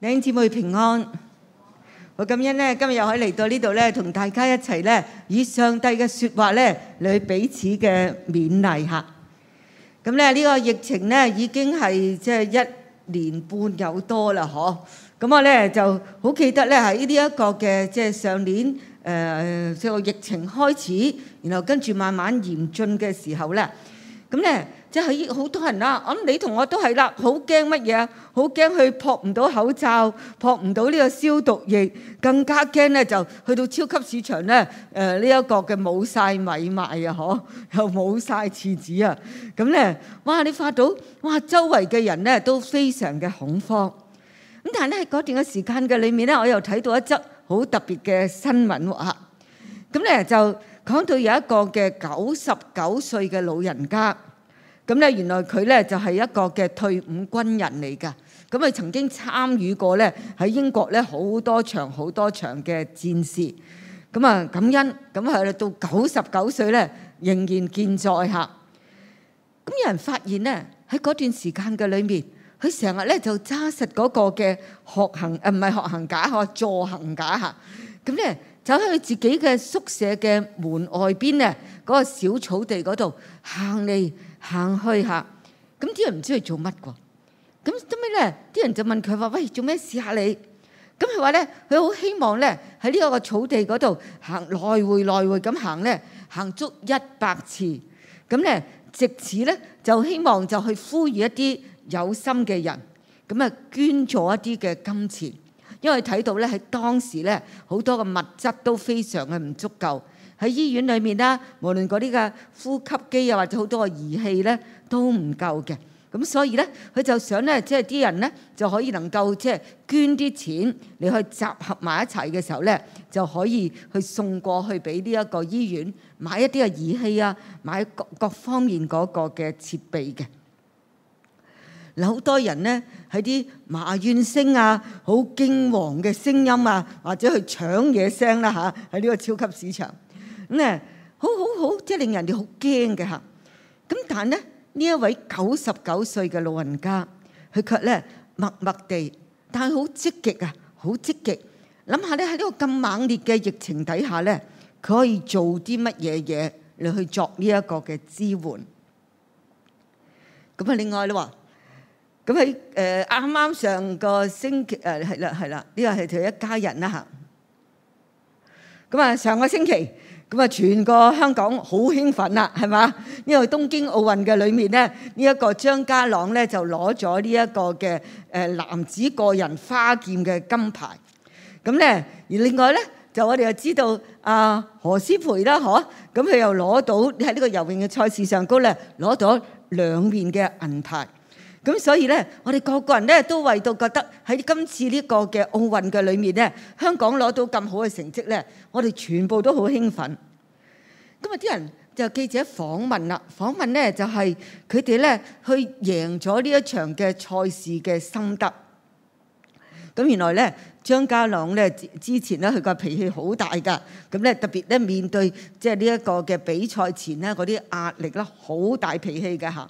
弟兄姊妹平安，我感恩咧，今日又可以嚟到呢度咧，同大家一齊咧，以上帝嘅説話咧，嚟彼此嘅勉勵嚇。咁咧，呢、呢個疫情咧，已經係即係一年半有多啦，嗬。咁我咧就好記得咧，喺呢啲一個嘅即係上年誒，個、呃、疫情開始，然後跟住慢慢嚴峻嘅時候咧。咁呢，即係好多人啦。咁你同我都係啦，好驚乜嘢？好驚去撲唔到口罩，撲唔到呢個消毒液，更加驚咧就去到超級市場咧。誒呢一個嘅冇晒米賣啊，嗬，又冇晒廁紙啊。咁咧，你發到，哇！周圍嘅人咧都非常嘅恐慌。咁但係咧，嗰段嘅時間嘅裏面咧，我又睇到一則好特別嘅新聞喎。咁咧就。講到有一個嘅九十九歲嘅老人家，咁咧原來佢咧就係一個嘅退伍軍人嚟噶，咁啊曾經參與過咧喺英國咧好多場好多場嘅戰事，咁啊感恩，咁啊到九十九歲咧仍然健在嚇。咁有人發現咧喺嗰段時間嘅裏面，佢成日咧就揸實嗰個嘅學行，唔係學行架，學助行架嚇，咁咧。走喺佢自己嘅宿舍嘅門外邊呢嗰個小草地嗰度行嚟行去下，咁啲人唔知佢做乜噶。咁後屘呢，啲人就問佢話：喂，做咩試下你？咁佢話咧，佢好希望咧，喺呢一個草地嗰度行來回來回咁行咧，行足一百次，咁咧，直至咧就希望就去呼籲一啲有心嘅人，咁啊捐咗一啲嘅金錢。因為睇到咧，喺當時咧，好多嘅物質都非常嘅唔足夠，喺醫院裏面啦，無論嗰啲嘅呼吸機啊，或者好多個儀器呢，都唔夠嘅。咁所以呢，佢就想呢，即係啲人呢，就可以能夠即係捐啲錢，你去集合埋一齊嘅時候呢，就可以去送過去俾呢一個醫院，買一啲嘅儀器啊，買各各方面嗰個嘅設備嘅。有好多人咧喺啲埋怨聲啊，好驚惶嘅聲音啊，或者去搶嘢聲啦嚇，喺呢個超級市場咁啊，好好好，即係令人哋好驚嘅嚇。咁但係咧，呢一位九十九歲嘅老人家，佢卻咧默默地，但係好積極啊，好積極。諗下咧喺呢個咁猛烈嘅疫情底下咧，佢可以做啲乜嘢嘢嚟去做呢一個嘅支援。咁啊，另外咧喎。咁喺誒啱啱上個星期，呢個係佢一家人。咁上個星期，咁全個香港好興奮啦，係嘛？因為東京奧運嘅裏面，呢一個張家朗呢，就攞咗呢一個嘅男子個人花劍嘅金牌。咁而另外呢，我們就我哋又知道何詩蓓啦，嗬，咁佢又攞到喺呢個游泳嘅賽事上高呢，攞到兩面嘅銀牌。咁所以咧，我哋個個人咧都為到覺得喺今次呢個嘅奧運嘅裏面咧，香港攞到咁好嘅成績咧，我哋全部都好興奮。咁啊，啲人就記者訪問啦，訪問咧就係佢哋咧去贏咗呢一場嘅賽事嘅心得。咁原來咧，張家朗咧之前咧佢個脾氣好大噶，咁咧特別咧面對即係呢一個嘅比賽前咧嗰啲壓力啦，好大脾氣㗎吓。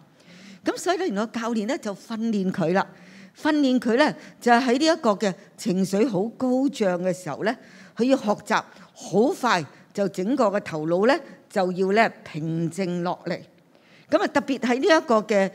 咁所以咧，我教練咧就訓練佢啦，訓練佢咧就喺呢一個嘅情緒好高漲嘅時候咧，佢要學習好快就整個嘅頭腦咧就要咧平靜落嚟。咁啊，特別喺呢一個嘅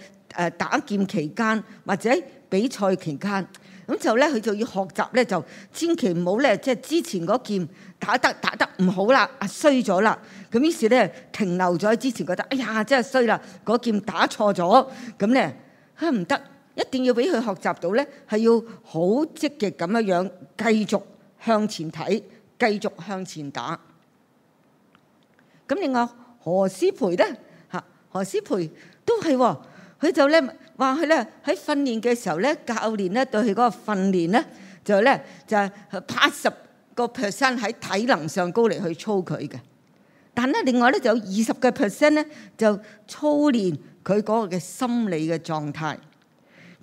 打劍期間或者比賽期間。咁就咧，佢就要學習咧，就千祈唔好咧，即係之前嗰劍打得打得唔好啦，衰咗啦。咁於是咧，停留咗喺之前，覺得哎呀，真係衰啦，嗰劍打錯咗。咁咧，佢唔得，一定要俾佢學習到咧，係要好積極咁樣樣繼續向前睇，繼續向前打。咁另外何詩蓓咧嚇，何詩蓓都係喎、哦。佢就咧話佢咧喺訓練嘅時候咧，教練咧對佢嗰個訓練咧就咧就係八十個 percent 喺體能上高嚟去操佢嘅，但咧另外咧就有二十個 percent 咧就操練佢嗰個嘅心理嘅狀態。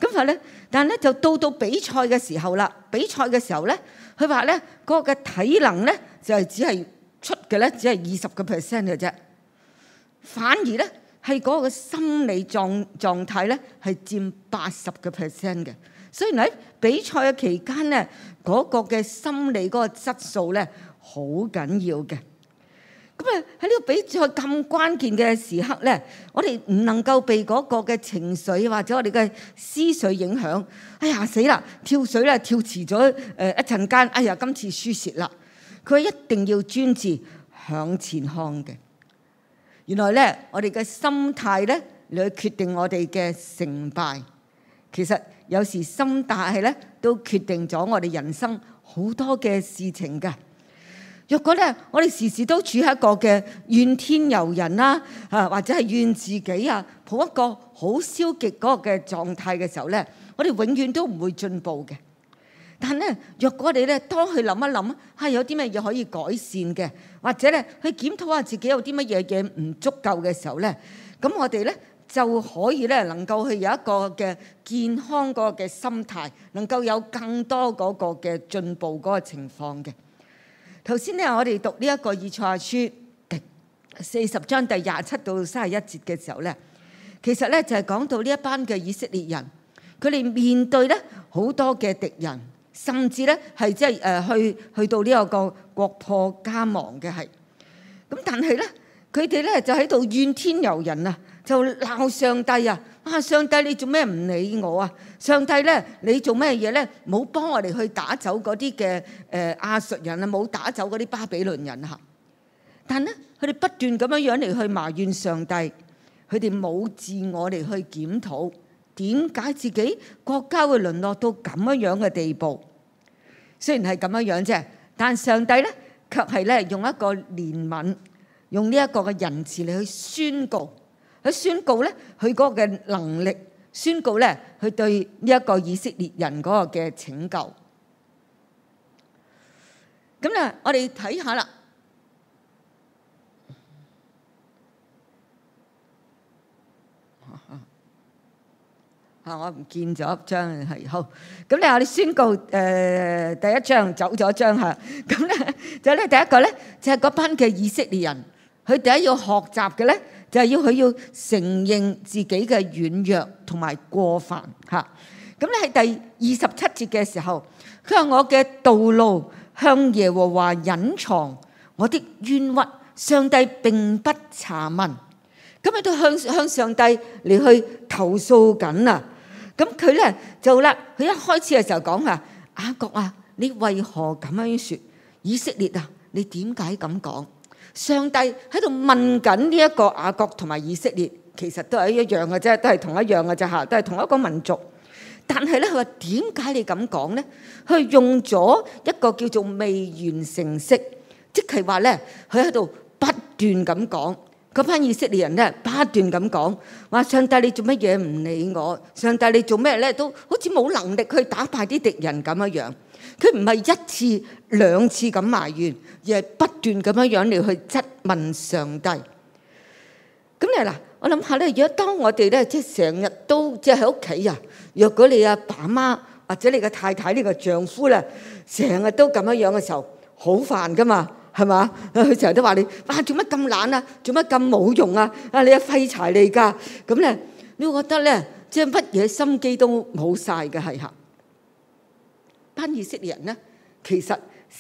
咁話咧，但咧就到到比賽嘅時候啦，比賽嘅時候咧，佢話咧嗰個嘅體能咧就係只係出嘅咧，只係二十個 percent 嘅啫，反而咧。係嗰個心理狀狀態咧，係佔八十個 percent 嘅。所以喺比賽嘅期間咧，嗰個嘅心理嗰個質素咧好緊要嘅。咁啊喺呢個比賽咁關鍵嘅時刻咧，我哋唔能夠被嗰個嘅情緒或者我哋嘅思緒影響。哎呀死啦！跳水咧跳遲咗，誒一陣間，哎呀今次輸蝕啦！佢一定要專注向前看嘅。原來咧，我哋嘅心態咧嚟，去決定我哋嘅成敗。其實有時心態咧都決定咗我哋人生好多嘅事情㗎。若果咧，我哋時時都處喺一個嘅怨天尤人啦、啊，啊或者係怨自己啊，抱一個好消極嗰個嘅狀態嘅時候咧，我哋永遠都唔會進步嘅。但咧，若果我哋咧，多去諗一諗啊，係有啲咩嘢可以改善嘅，或者咧去檢討下自己有啲乜嘢嘢唔足夠嘅時候咧，咁我哋咧就可以咧，能夠去有一個嘅健康個嘅心態，能夠有更多嗰個嘅進步嗰個情況嘅。頭先咧，我哋讀呢一個以賽亞書第四十章第廿七到三十一節嘅時候咧，其實咧就係講到呢一班嘅以色列人，佢哋面對咧好多嘅敵人。甚至咧係即係誒去去到呢個個國破家亡嘅係，咁但係咧佢哋咧就喺度怨天尤人啊，就鬧上帝啊！啊上帝你做咩唔理我啊？上帝咧你做咩嘢咧？冇幫我哋去打走嗰啲嘅誒亞述人啊，冇打走嗰啲巴比倫人啊！但係咧佢哋不斷咁樣樣嚟去埋怨上帝，佢哋冇自我嚟去檢討點解自己國家會淪落到咁樣樣嘅地步。雖然係咁樣樣啫，但上帝呢卻係呢用一個憐憫，用呢一個嘅仁慈嚟去宣告，去宣告呢佢嗰個嘅能力，宣告呢佢對呢一個以色列人嗰個嘅拯救。咁呢，我哋睇下啦。嚇！我唔見咗張係好咁咧，我哋宣告誒第一張走咗張嚇。咁咧，就咧第一個咧，就係嗰班嘅以色列人，佢第一要學習嘅咧，就係要佢要承認自己嘅軟弱同埋過犯嚇。咁咧喺第二十七節嘅時候，佢話我嘅道路向耶和華隱藏，我啲冤屈上帝並不查問。咁喺度向向上帝嚟去投訴緊啊！咁佢咧就啦，佢一開始嘅時候講啊，雅各啊，你為何咁樣説？以色列啊，你點解咁講？上帝喺度問緊呢一個雅各同埋以色列，其實都係一樣嘅啫，都係同一樣嘅啫嚇，都係同一個民族。但係咧，佢話點解你咁講咧？佢用咗一個叫做未完成式，即係話咧，佢喺度不斷咁講。嗰班以色列人咧不斷咁講，話上帝你做乜嘢唔理我？上帝你做咩咧都好似冇能力去打敗啲敵人咁樣。佢唔係一次兩次咁埋怨，而係不斷咁樣樣嚟去質問上帝。咁咧嗱，我諗下咧，若當我哋咧即係成日都即係喺屋企啊，若果你阿爸媽或者你嘅太太你個丈夫咧，成日都咁樣樣嘅時候，好煩㗎嘛～係嘛？佢成日都話你，哇！做乜咁懶啊？做乜咁冇用啊？啊！你係廢柴嚟噶咁咧，你會覺得咧，即係乜嘢心機都冇晒嘅係吓。班以色列人咧，其實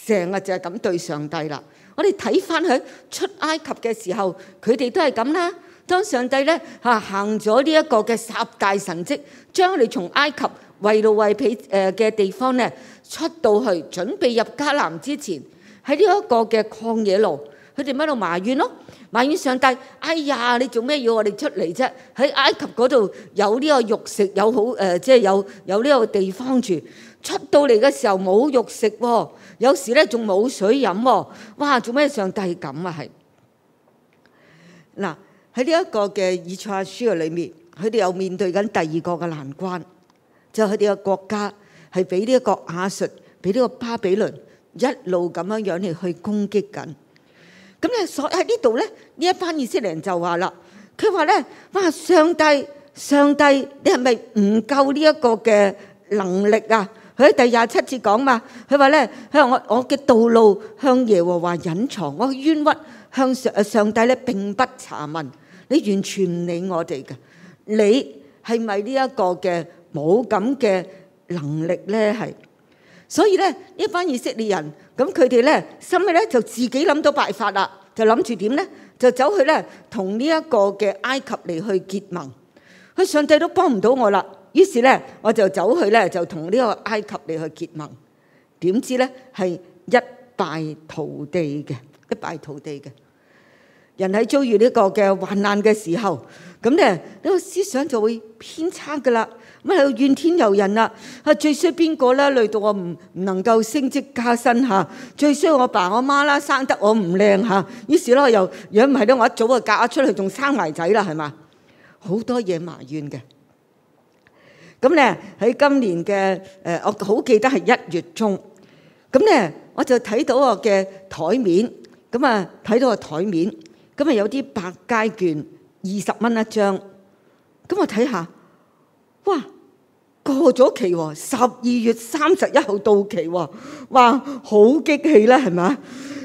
成日就係咁對上帝啦。我哋睇翻佢出埃及嘅時候，佢哋都係咁啦。當上帝咧吓行咗呢一個嘅十大神蹟，將我哋從埃及為奴為婢誒嘅地方咧出到去，準備入迦南之前。喺呢一個嘅曠野路，佢哋喺度埋怨咯，埋怨上帝，哎呀，你做咩要我哋出嚟啫？喺埃及嗰度有呢個肉食，有好誒，即係有有呢個地方住，出到嚟嘅時候冇肉食，有時咧仲冇水飲，哇，做咩上帝咁啊？係嗱，喺呢一個嘅以賽亞書嘅裏面，佢哋又面對緊第二個嘅難關，就係佢哋嘅國家係俾呢一個亞述，俾呢個巴比倫。一路咁樣樣嚟去攻擊緊，咁咧所喺呢度咧，呢一班以色列人就話啦，佢話咧，哇！上帝，上帝，你係咪唔夠呢一個嘅能力啊？佢喺第廿七節講嘛，佢話咧，佢話我我嘅道路向耶和華隱藏，我冤屈向上啊上帝咧，並不查問，你完全唔理我哋嘅，你係咪呢一個嘅冇咁嘅能力咧？係。所以呢，一班以色列人咁佢哋咧，心裏呢就自己諗到辦法啦，就諗住點咧，就走去咧同呢一個嘅埃及嚟去結盟。佢上帝都幫唔到我啦，於是咧我就走去咧就同呢個埃及嚟去結盟。點知呢，係一敗塗地嘅，一敗塗地嘅。人喺遭遇呢個嘅患難嘅時候，咁咧呢個思想就會偏差㗎喇。乜又怨天尤人啦？最衰邊個呢？累到我唔能夠升職加薪嚇，最衰我爸我媽啦，生得我唔靚嚇。於是咧又，如果唔係咧，我一早就嫁出去，仲生埋仔啦，係嘛？好多嘢埋怨嘅。咁咧喺今年嘅，我好記得係一月中。咁咧我就睇到我嘅台面，咁啊睇到台面，咁啊有啲百佳券，二十蚊一張。咁我睇下。哇，過咗期喎！十二月三十一號到期喎，哇，好激氣啦，係嘛？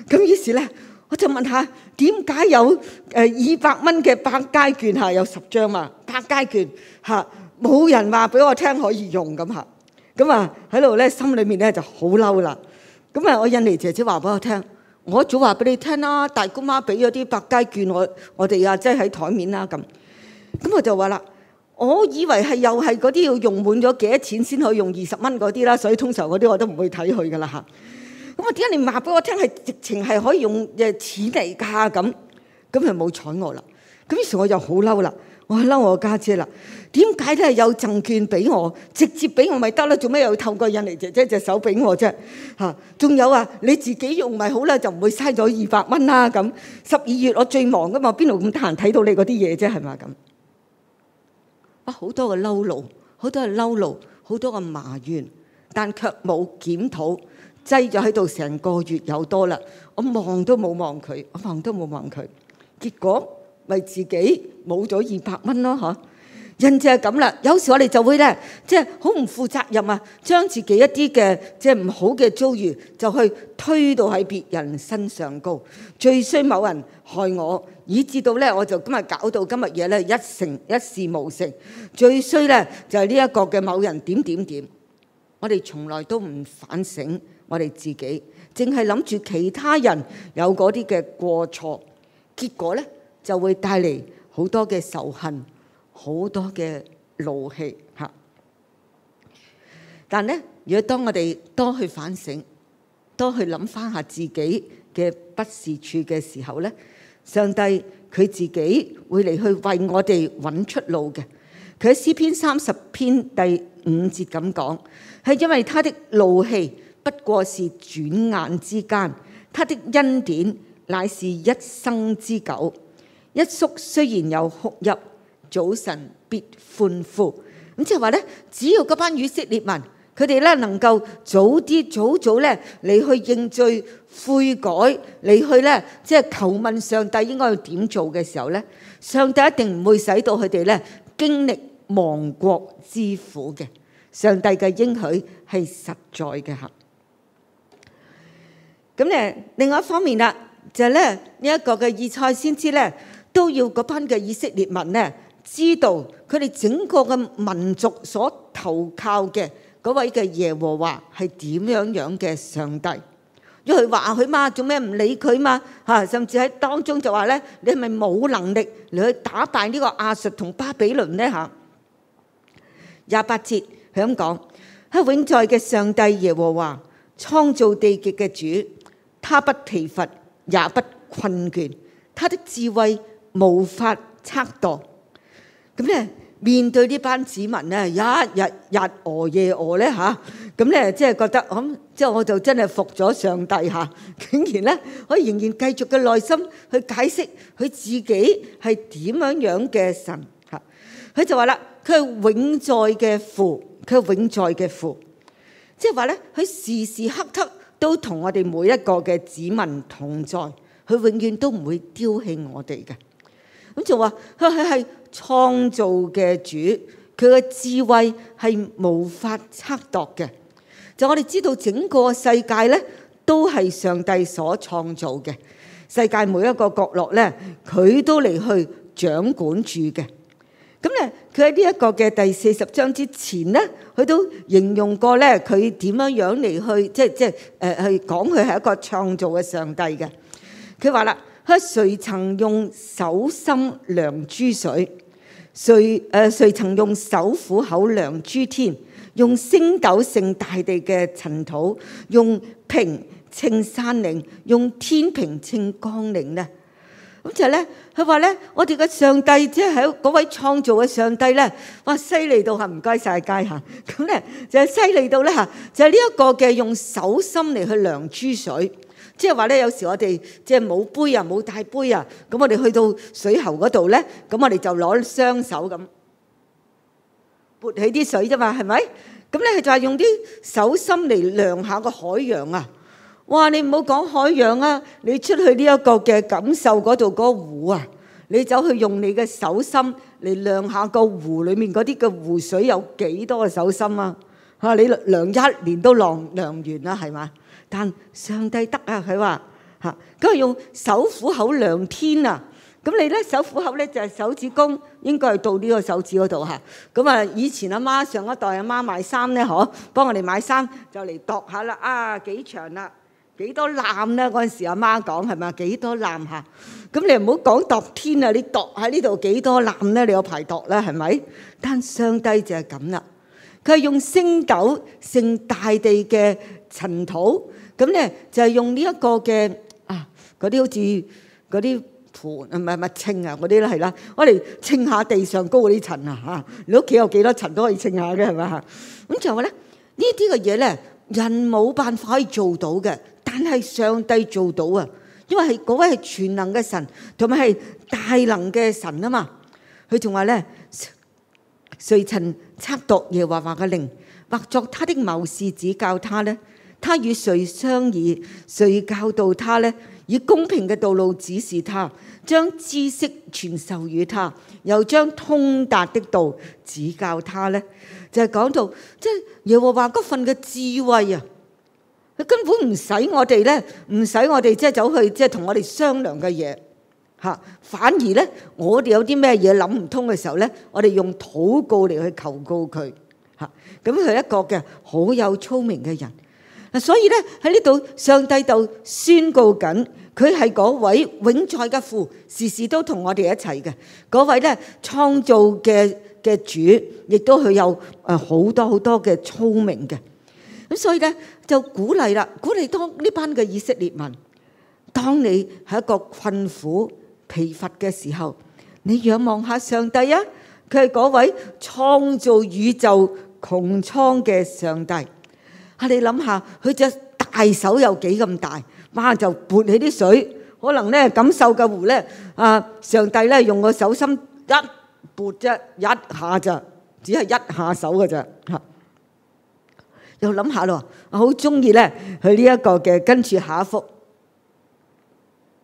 咁於是咧，我就問下點解有誒二百蚊嘅百佳券嚇有十張啊？百佳券嚇冇人話俾我聽可以用咁嚇，咁啊喺度咧心裏面咧就好嬲啦。咁啊，我印尼姐姐話俾我聽，我早話俾你聽啦，大姑媽俾咗啲百佳券我我哋啊，即係喺台面啦咁。咁我就話啦。我以為係又係嗰啲要用滿咗幾多錢先可以用二十蚊嗰啲啦，所以通常嗰啲我都唔會睇佢噶啦吓。咁我點解你唔話俾我聽係直情係可以用嘅錢嚟㗎咁？咁係冇睬我啦。咁於是我又好嬲啦，我嬲我家姐啦。點解都係有贈券俾我，直接俾我咪得啦？做咩又要透過印尼姐姐隻手俾我啫？嚇，仲有啊，你自己用咪好啦，就唔會嘥咗二百蚊啦。咁十二月我最忙噶嘛，邊度咁得閒睇到你嗰啲嘢啫？係咪咁？哇！好多嘅嬲怒，好多嘅嬲怒，好多嘅埋怨，但卻冇檢討，擠咗喺度成個月有多啦。我望都冇望佢，我望都冇望佢，結果咪自己冇咗二百蚊咯嚇。人就係咁啦，有時我哋就會咧，即係好唔負責任啊，將自己一啲嘅即係唔好嘅遭遇，就去推到喺別人身上高，最衰某人害我。以至到咧，我就今日搞到今日嘢咧，一成一事無成。最衰咧就係呢一個嘅某人點點點。我哋從來都唔反省我哋自己，淨係諗住其他人有嗰啲嘅過錯，結果咧就會帶嚟好多嘅仇恨、好多嘅怒氣嚇。但咧，如果當我哋多去反省、多去諗翻下自己嘅不是處嘅時候咧，上帝佢自己會嚟去為我哋揾出路嘅。佢喺詩篇三十篇第五節咁講，係因為他的怒氣不過是轉眼之間，他的恩典乃是一生之久。一宿雖然有哭泣，早晨必歡呼。咁即係話咧，只要嗰班以色列民。佢哋咧能夠早啲、早早咧嚟去認罪悔改，嚟去咧即係求問上帝應該要點做嘅時候咧，上帝一定唔會使到佢哋咧經歷亡國之苦嘅。上帝嘅應許係實在嘅嚇。咁咧另外一方面啦，就係咧呢一個嘅以賽先知咧，都要嗰班嘅以色列民咧知道佢哋整個嘅民族所投靠嘅。嗰位嘅耶和華係點樣樣嘅上帝？一係話佢嘛，做咩唔理佢嘛？吓、啊，甚至喺當中就話咧，你係咪冇能力嚟去打敗呢個亞述同巴比倫咧？吓、啊，廿八節係咁講，永在嘅上帝耶和華，創造地極嘅主，他不疲乏也不困倦，他的智慧無法測度。咁咧。面對呢班子民咧，一日日餓夜餓咧嚇，咁咧即係覺得咁，即係我就真係服咗上帝嚇。竟然咧，可以仍然繼續嘅耐心去解釋佢自己係點樣樣嘅神嚇。佢就話啦，佢係永在嘅父，佢係永在嘅父，即係話咧，佢時時刻刻都同我哋每一個嘅子民同在，佢永遠都唔會丟棄我哋嘅。咁就話佢係。創造嘅主，佢嘅智慧係無法測度嘅。就我哋知道整個世界咧，都係上帝所創造嘅。世界每一個角落咧，佢都嚟去掌管住嘅。咁咧，佢喺呢一個嘅第四十章之前咧，佢都形容過咧，佢點樣樣嚟去，即係即係誒去講佢係一個創造嘅上帝嘅。佢話啦：佢誰曾用手心量諸水？誰曾用手虎口量諸天，用星斗盛大地嘅塵土，用平秤山嶺，用天平秤江嶺呢？咁就咧，佢話咧，我哋嘅上帝即係喺嗰位創造嘅上帝咧，哇！犀利到嚇，唔該曬街嚇咁咧，就係犀利到咧，就係呢一個嘅用手心嚟去量諸水。即係話咧，有時我哋即係冇杯啊，冇大杯啊，咁我哋去到水喉嗰度咧，咁我哋就攞雙手咁撥起啲水啫嘛，係咪？咁咧就係用啲手心嚟量下個海洋啊！哇，你唔好講海洋啊，你出去呢一個嘅感受嗰度嗰個湖啊，你走去用你嘅手心嚟量下個湖裡面嗰啲嘅湖水有幾多個手心啊？嚇，你量一年都量量唔完啦，係嘛？但上帝得啊，佢話吓，咁係用手虎口量天啊！咁你咧手虎口咧就係手指公，應該係到呢個手指嗰度吓。咁啊，以前阿媽上一代阿媽買衫咧，嗬，幫我哋買衫就嚟度下啦。啊，幾長啦，幾多濫咧？嗰陣時阿媽講，係咪啊，幾多濫吓。咁你唔好講度天啊，你度喺呢度幾多濫咧？你有排度啦，係咪？但上帝就係咁啦，佢係用升斗盛大地嘅塵土。咁咧就係用呢一個嘅啊，嗰啲好似嗰啲盤啊，唔係，唔係清啊，嗰啲啦，係啦，我哋清下地上高嗰啲塵啊嚇！你屋企有幾多塵都可以清下嘅係嘛，係咪？咁就話咧呢啲嘅嘢咧，人冇辦法可以做到嘅，但係上帝做到啊！因為係嗰位係全能嘅神，同埋係大能嘅神啊嘛！佢仲話咧：誰曾測度耶和華嘅靈，或作他的謀士，指教他咧？他與誰相議，誰教導他咧？以公平嘅道路指示他，將知識傳授與他，又將通達的道指教他咧？就係、是、講到即係、就是、耶和華嗰份嘅智慧啊。佢根本唔使我哋咧，唔使我哋即係走去即係同我哋商量嘅嘢吓，反而咧我哋有啲咩嘢諗唔通嘅時候咧，我哋用禱告嚟，去求告佢吓。咁佢一個嘅好有聰明嘅人。所以呢，喺呢度，上帝就宣告緊，佢係嗰位永在嘅父，時時都同我哋一齊嘅。嗰位呢創造嘅主，亦都係有誒好多好多嘅聰明嘅。咁所以呢，就鼓勵啦，鼓勵當呢班嘅以色列民，當你喺一個困苦疲乏嘅時候，你仰望下上帝啊！佢係嗰位創造宇宙穹蒼嘅上帝。啊！你諗下佢隻大手有幾咁大，哇！就撥起啲水，可能咧感受嘅湖咧，啊！上帝咧用個手心一撥啫，一下就只係一下手嘅啫，吓！又諗下咯，我好中意咧佢呢一個嘅跟住下一幅，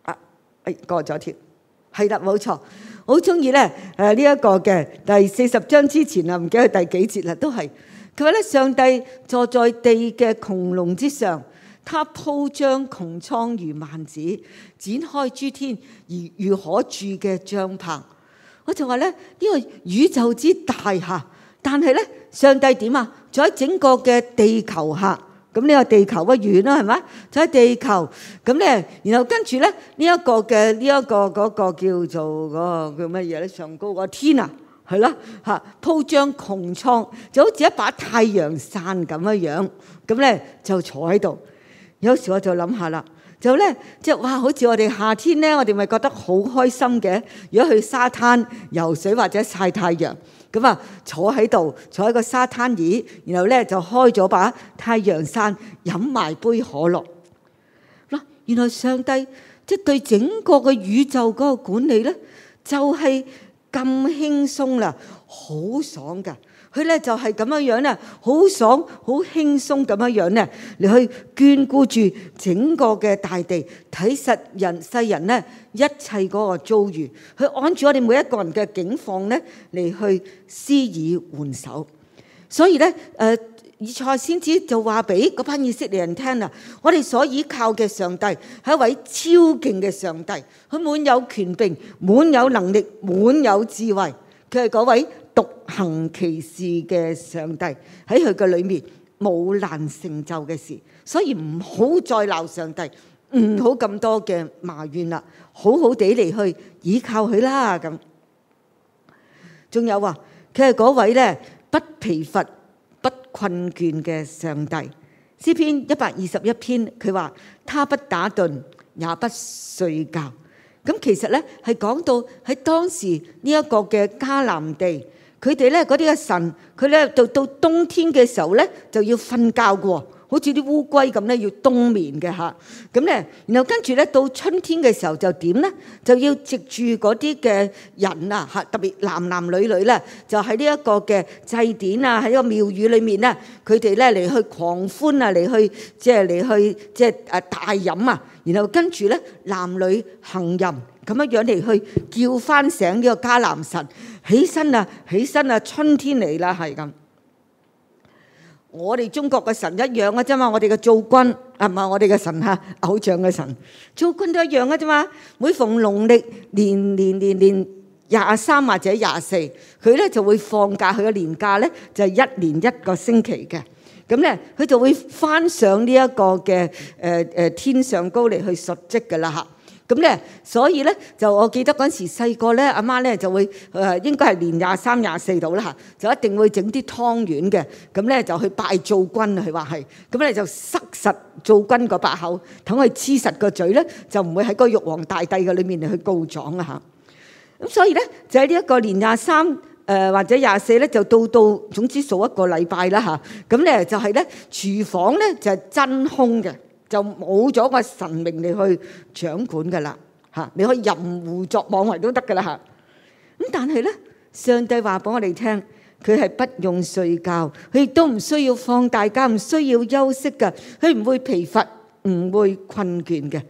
啊！哎，過咗條，係啦，冇錯，好中意咧，誒呢一個嘅第四十章之前啊，唔記得係第幾節啦，都係。佢話上帝坐在地嘅穹窿之上，他鋪張穹蒼如幔子，展開諸天而如可住嘅帳棚。我就話咧，呢、這個宇宙之大嚇，但係呢，上帝點啊？坐在整個嘅地球下，咁呢個地球不遠啦，係嘛？坐在地球咁咧，然後跟住咧，呢、這、一個嘅呢一個嗰、那個叫做嗰、那個叫乜嘢呢？上高個天啊！係啦，吓，鋪張穹蒼就好似一把太陽傘咁嘅樣，咁咧就坐喺度。有時我就諗下啦，就咧即係哇，好似我哋夏天咧，我哋咪覺得好開心嘅。如果去沙灘游水或者曬太陽，咁啊坐喺度，坐喺個沙灘椅，然後咧就開咗把太陽傘，飲埋杯可樂。嗱，原來上帝即係對整個嘅宇宙嗰個管理咧，就係、是。咁輕鬆啦，好爽㗎！佢咧就係咁樣樣咧，好爽、好輕鬆咁樣樣咧，嚟去眷顧住整個嘅大地，睇實人世人咧一切嗰個遭遇，去按住我哋每一個人嘅境況咧，嚟去施以援手。所以咧，誒。以賽先知就話俾嗰班以色列人聽啦，我哋所倚靠嘅上帝係一位超勁嘅上帝，佢滿有權柄、滿有能力、滿有智慧。佢係嗰位獨行其事嘅上帝，喺佢嘅裏面冇難成就嘅事，所以唔好再鬧上帝，唔好咁多嘅埋怨啦，好好地嚟去倚靠佢啦咁。仲有啊，佢係嗰位咧不疲乏、困倦嘅上帝，詩篇一百二十一篇，佢話他不打盹也不睡覺。咁其實咧係講到喺當時呢一個嘅迦南地，佢哋咧嗰啲嘅神，佢咧到到冬天嘅時候咧就要瞓覺個。好似啲烏龜咁咧，要冬眠嘅吓，咁咧，然後跟住咧，到春天嘅時候就點咧？就要藉住嗰啲嘅人啊，特別男男女女咧，就喺呢一個嘅祭典啊，喺個廟宇裏面咧，佢哋咧嚟去狂歡啊，嚟去即係嚟去即係誒大飲啊。然後跟住咧，男女行淫咁樣樣嚟去叫翻醒呢個迦南神，起身啊，起身啊，春天嚟啦，係咁。我哋中國嘅神一樣嘅啫嘛，我哋嘅灶君係嘛，係唔係我哋嘅神嚇，偶像嘅神，灶君都一樣嘅啫嘛。每逢農曆年年年年廿三或者廿四，佢呢就會放假，佢個年假呢就係、一年一個星期嘅。咁咧佢就會返上呢一個嘅誒、呃呃、天上高嚟去述職嘅啦。咁咧，所以咧就我記得嗰陣時細個咧，阿媽咧就會誒，應該係年廿三廿四度啦嚇，就一定會整啲湯圓嘅。咁咧就去拜灶君，佢話係，咁咧就塞實灶君個把口，等佢黐實個嘴咧，就唔會喺個玉皇大帝嘅裏面嚟去告狀啊嚇。咁所以咧就喺呢一個年廿三誒或者廿四咧，就到到總之數一個禮拜啦嚇。咁咧就係咧廚房咧就係真空嘅。就冇咗個神明嚟去掌管噶啦吓，你可以任胡作妄為都得噶啦吓。咁但係咧，上帝話俾我哋聽，佢係不用睡覺，佢亦都唔需要放大假，唔需要休息噶，佢唔會疲乏，唔會困倦嘅。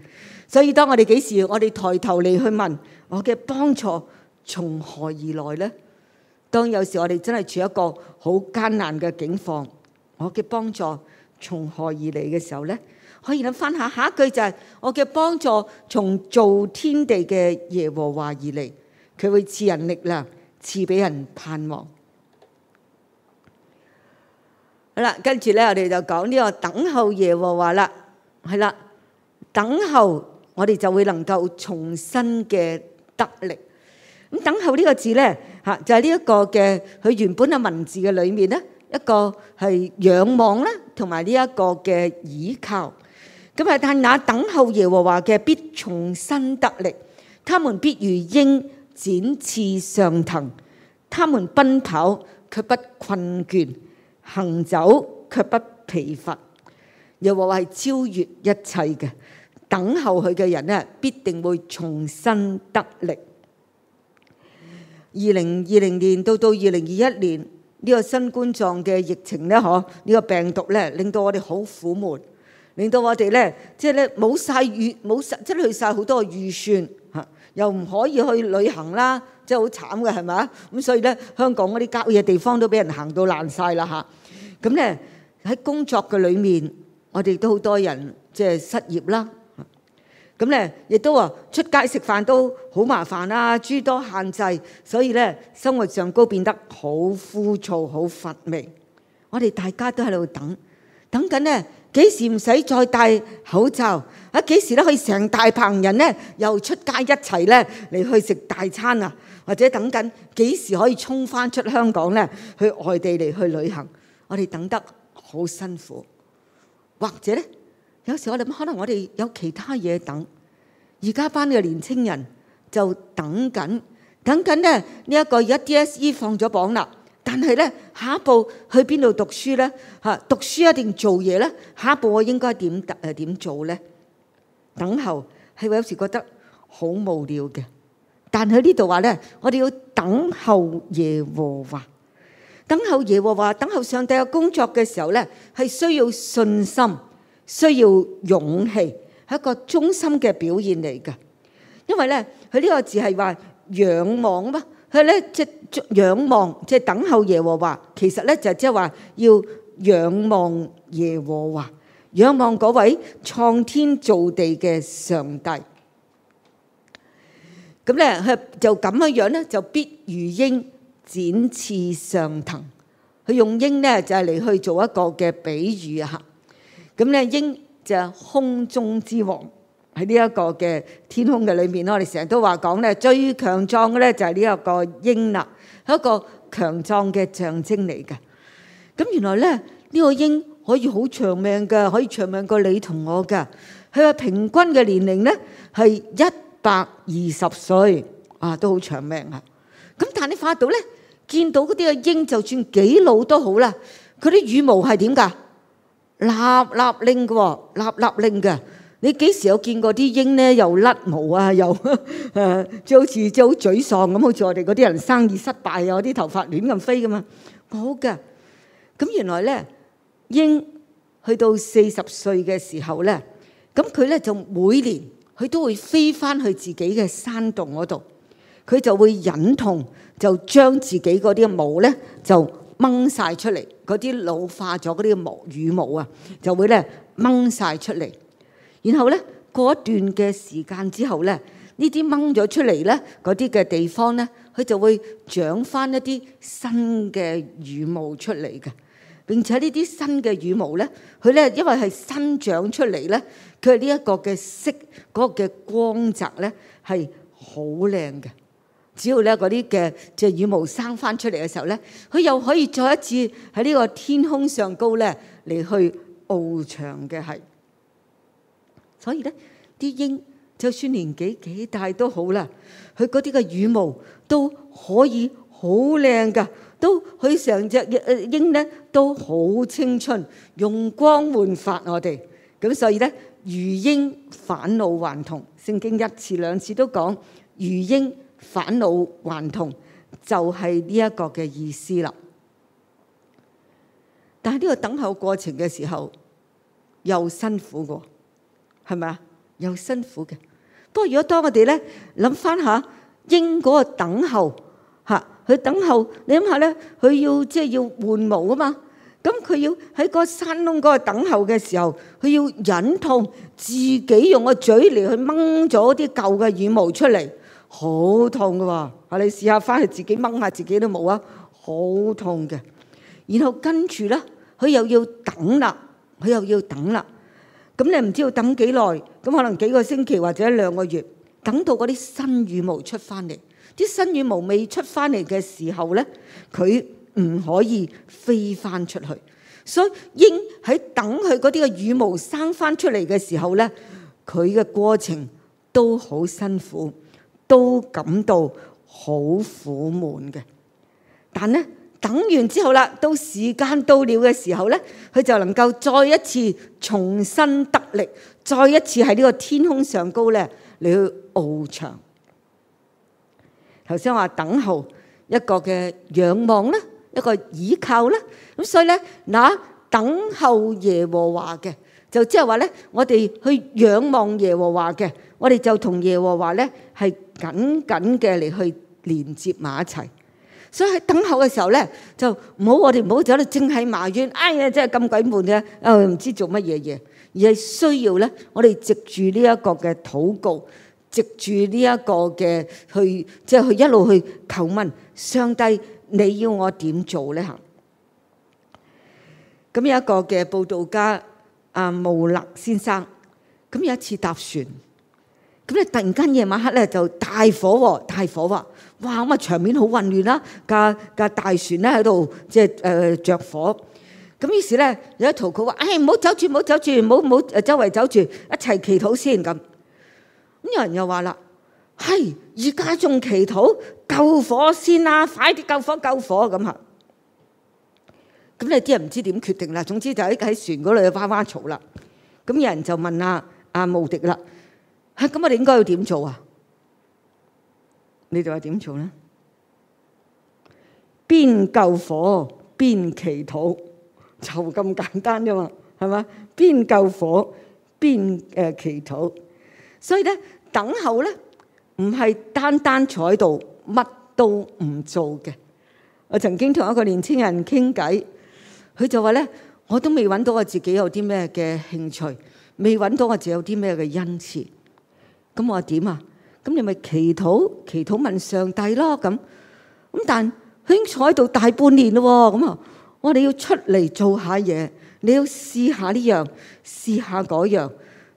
所以當我哋幾時，我哋抬頭嚟去問，我嘅幫助從何而來呢？當有時我哋真係處一個好艱難嘅境況，我嘅幫助，從何而嚟嘅時候呢，可以諗翻下，下一句就係我嘅幫助從造天地嘅耶和華而嚟，佢會賜人力量，賜俾人盼望。好啦，跟住呢，我哋就講呢個等候耶和華啦，係啦，等候我哋就會能夠重新嘅得力。咁等候呢個字呢，吓就係呢一個嘅佢原本嘅文字嘅裏面呢。一個係仰望咧，同埋呢一個嘅倚靠。咁啊，但那等候耶和華嘅必重新得力，他們必如鷹展翅上騰，他們奔跑卻不困倦，行走卻不疲乏。耶和華係超越一切嘅，等候佢嘅人咧必定會重新得力。二零二零年到到二零二一年。呢個新冠狀嘅疫情咧，嗬，呢個病毒咧，令到我哋好苦悶，令到我哋咧，即係咧冇晒，預冇曬，即係去晒好多預算嚇，又唔可以去旅行啦，即係好慘嘅係咪？咁所以咧，香港嗰啲郊野地方都俾人行到爛晒啦吓，咁咧喺工作嘅裏面，我哋都好多人即係失業啦。咁咧，亦都話出街食飯都好麻煩啦，諸多限制，所以咧，生活上高變得好枯燥、好乏味。我哋大家都喺度等，等緊咧幾時唔使再戴口罩，喺幾時都可以成大棚人咧又出街一齊咧嚟去食大餐啊，或者等緊幾時可以衝翻出香港咧去外地嚟去旅行，我哋等得好辛苦，或者咧？有時我諗，可能我哋有其他嘢等，而家班嘅年青人就等緊，等緊咧呢一個而家 DSE 放咗榜啦。但係咧下一步去邊度讀書咧？嚇，讀書一定做嘢咧。下一步我應該點誒點做咧？等候係有時覺得好無聊嘅，但係呢度話咧，我哋要等候耶和華，等候耶和華，等候上帝嘅工作嘅時候咧，係需要信心。需要勇氣係一個忠心嘅表現嚟㗎，因為咧佢呢個字係話仰望啊嘛，佢咧即係仰望即係等候耶和華，其實咧就即係話要仰望耶和華，仰望嗰位創天造地嘅上帝。咁咧佢就咁嘅樣咧，就必如鷹展翅上騰。佢用鷹咧就係嚟去做一個嘅比喻吓。咁咧鷹就係空中之王，喺呢一個嘅天空嘅裏面咯，我哋成日都話講咧最強壯嘅咧就係呢一個鷹啦，係一個強壯嘅象徵嚟噶。咁原來咧呢個鷹可以好長命噶，可以長命過你同我噶。佢話平均嘅年齡咧係一百二十歲啊，都好長命啊。咁但係你發到咧，見到嗰啲嘅鷹，就算幾老都好啦，佢啲羽毛係點噶？立立拎嘅，立立拎嘅。你幾時有見過啲鷹咧？又甩毛啊，又誒，就好似就好沮喪咁，好似我哋嗰啲人生意失敗啊，啲頭髮亂咁飛嘅嘛。好嘅，咁原來咧，鷹去到四十歲嘅時候咧，咁佢咧就每年佢都會飛翻去自己嘅山洞嗰度，佢就會忍痛，就將自己嗰啲毛咧就。掹曬出嚟，嗰啲老化咗嗰啲毛羽毛啊，就會咧掹曬出嚟。然後咧過一段嘅時間之後咧，呢啲掹咗出嚟咧嗰啲嘅地方咧，佢就會長翻一啲新嘅羽毛出嚟嘅。並且呢啲新嘅羽毛咧，佢咧因為係新長出嚟咧，佢係呢一個嘅色嗰個嘅光澤咧係好靚嘅。只要咧嗰啲嘅即係羽毛生翻出嚟嘅時候咧，佢又可以再一次喺呢個天空上高咧嚟去翱翔嘅係。所以咧，啲鷹就算年紀幾大都好啦，佢嗰啲嘅羽毛都可以好靚噶，都佢成隻鷹咧都好青春，容光煥發我哋。咁所以咧，如鷹返老還童，聖經一次兩次都講如鷹。返老還童就係呢一個嘅意思啦。但係呢個等候過程嘅時候又辛苦嘅，係咪啊？又辛苦嘅。不過如果當我哋咧諗翻下，鷹嗰個等候嚇，佢等候你諗下咧，佢要即係要換毛啊嘛。咁佢要喺個山窿嗰度等候嘅時候，佢要忍痛，自己用個嘴嚟去掹咗啲舊嘅羽毛出嚟。好痛㗎喎！你試下翻去自己掹下自己都冇啊！好痛嘅。然後跟住咧，佢又要等啦，佢又要等啦。咁你唔知要等幾耐？咁可能幾個星期或者兩個月，等到嗰啲新羽毛出翻嚟。啲新羽毛未出翻嚟嘅時候咧，佢唔可以飛翻出去。所以鷹喺等佢嗰啲嘅羽毛生翻出嚟嘅時候咧，佢嘅過程都好辛苦。都感到好苦悶嘅，但呢等完之後啦，到時間到了嘅時候咧，佢就能夠再一次重新得力，再一次喺呢個天空上高咧嚟去翱翔。頭先我話等候一個嘅仰望啦，一個倚靠啦，咁所以咧，那等候耶和華嘅，就即係話咧，我哋去仰望耶和華嘅。我哋就同耶和華咧係緊緊嘅嚟去連接埋一齊，所以喺等候嘅時候咧，就唔好我哋唔好走到正係埋怨，哎呀，真係咁鬼悶啫，又唔知做乜嘢嘢，而係需要咧，我哋藉住呢一個嘅禱告，藉住呢一個嘅去，即係去一路去求問上帝，你要我點做咧？嚇，咁有一個嘅佈道家阿慕勒先生，咁有一次搭船。咁咧突然間夜晚黑咧就大火喎，大火喎，哇咁啊場面好混亂啦，架架大船咧喺度即係誒着火，咁於是咧有啲淘氣佢話：，哎唔好走住，唔好走住，唔好唔好誒周圍走住，一齊祈禱先咁。咁有人又話啦：，係而家仲祈禱救火先啦，快啲救火救火咁吓。咁呢啲人唔知點決定啦，總之就喺喺船嗰度嘅嘩嘩嘈啦。咁有人就問阿阿慕迪啦。吓，咁我哋應該要點做啊？你哋話點做咧？邊救火邊祈禱就咁簡單啫嘛，係嘛？邊救火邊誒祈禱，所以咧等候咧唔係單單坐喺度乜都唔做嘅。我曾經同一個年青人傾偈，佢就話咧：我都未揾到我自己有啲咩嘅興趣，未揾到我自己有啲咩嘅恩賜。咁我話點啊？咁你咪祈禱、祈禱問上帝咯。咁咁但佢已經坐喺度大半年咯喎。咁啊，我哋要出嚟做下嘢，你要試下呢樣，試下嗰樣，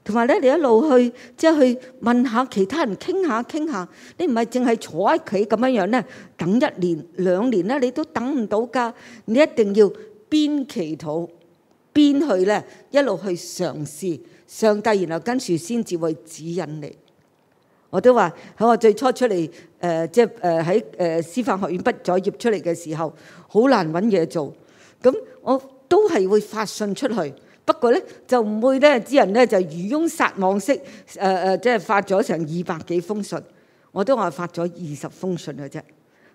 同埋咧你一路去即係去問下其他人，傾下傾下。你唔係淨係坐喺企咁樣樣咧，等一年兩年咧，你都等唔到㗎。你一定要邊祈禱邊去咧，一路去嘗試上帝，然後跟住先至會指引你。我都話喺我最初出嚟誒、呃，即係誒喺誒師範學院畢咗業出嚟嘅時候，好難揾嘢做。咁我都係會發信出去，不過咧就唔會咧啲人咧就漁翁撒網式誒誒、呃，即係發咗成二百幾封信。我都話發咗二十封信嘅啫。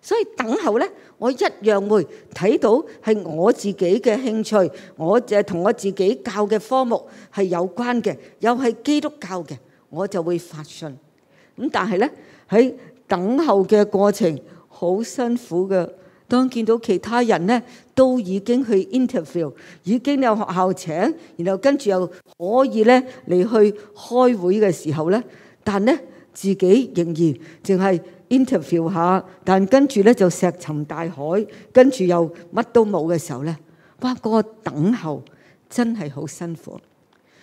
所以等候咧，我一樣會睇到係我自己嘅興趣，我誒同我自己教嘅科目係有關嘅，又係基督教嘅，我就會發信。咁但係咧喺等候嘅過程好辛苦嘅，當見到其他人咧都已經去 interview，已經有學校請，然後跟住又可以咧嚟去開會嘅時候咧，但咧自己仍然淨係 interview 下，但跟住咧就石沉大海，跟住又乜都冇嘅時候咧，哇！嗰個等候真係好辛苦。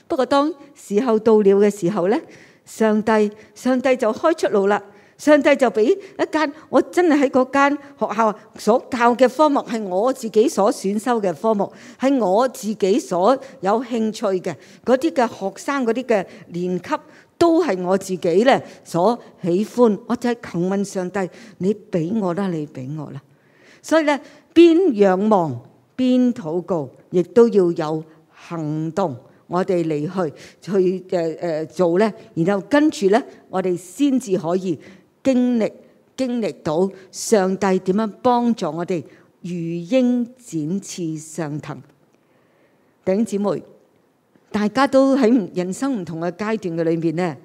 不過當時候到了嘅時候咧。上帝，上帝就開出路啦！上帝就俾一間，我真係喺嗰間學校所教嘅科目係我自己所選修嘅科目，係我自己所有興趣嘅嗰啲嘅學生嗰啲嘅年級都係我自己呢所喜歡。我就係求問上帝，你俾我啦，你俾我啦！所以呢，邊仰望邊禱告，亦都要有行動。我哋嚟，去去誒誒做咧，然後跟住咧，我哋先至可以經歷經歷到上帝點樣幫助我哋如鷹展翅上騰。弟兄姊妹，大家都喺人生唔同嘅階段嘅裏面咧，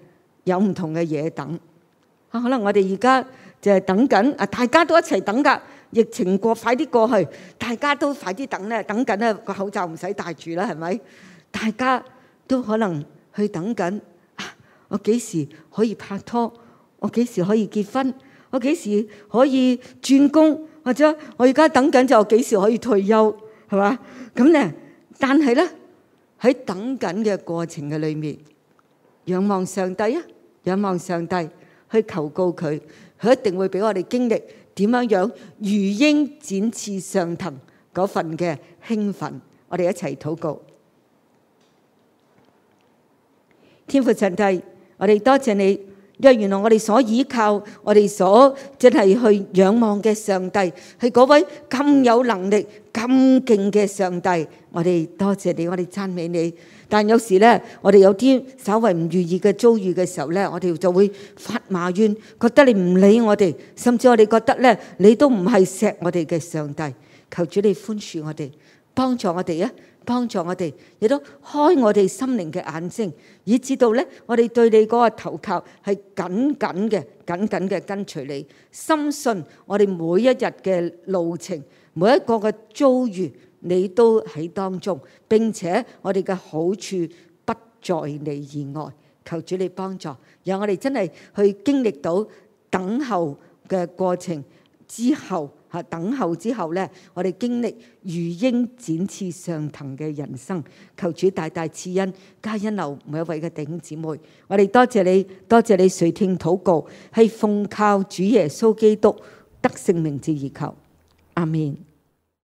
有唔同嘅嘢等。啊，可能我哋而家就係等緊啊，大家都一齊等㗎，疫情過快啲過去，大家都快啲等咧，等緊咧個口罩唔使戴住啦，係咪？大家都可能去等緊，我幾時可以拍拖？我幾時可以結婚？我幾時可以轉工？或者我而家等緊就幾時可以退休？係嘛咁咧？但係咧喺等緊嘅過程嘅裏面，仰望上帝啊！仰望上帝去求告佢，佢一定會俾我哋經歷點樣樣如鷹展翅上騰嗰份嘅興奮。我哋一齊禱告。天父上帝，我哋多謝你，因為原來我哋所依靠、我哋所即係去仰望嘅上帝，係嗰位咁有能力、咁勁嘅上帝。我哋多謝你，我哋讚美你。但係有時咧，我哋有啲稍為唔如意嘅遭遇嘅時候咧，我哋就會發埋怨，覺得你唔理我哋，甚至我哋覺得咧，你都唔係錫我哋嘅上帝。求主你寬恕我哋，幫助我哋啊！幫助我哋，亦都開我哋心靈嘅眼睛，以至到咧，我哋對你嗰個投靠係緊緊嘅、緊緊嘅跟隨你，深信我哋每一日嘅路程、每一個嘅遭遇，你都喺當中。並且我哋嘅好處不在你以外，求主你幫助，讓我哋真係去經歷到等候嘅過程之後。哈，等候之後呢，我哋經歷如鷹展翅上騰嘅人生，求主大大賜恩加恩樓每一位嘅弟兄姊妹。我哋多謝你，多謝你垂聽禱告，係奉靠主耶穌基督得勝名字而求。阿們。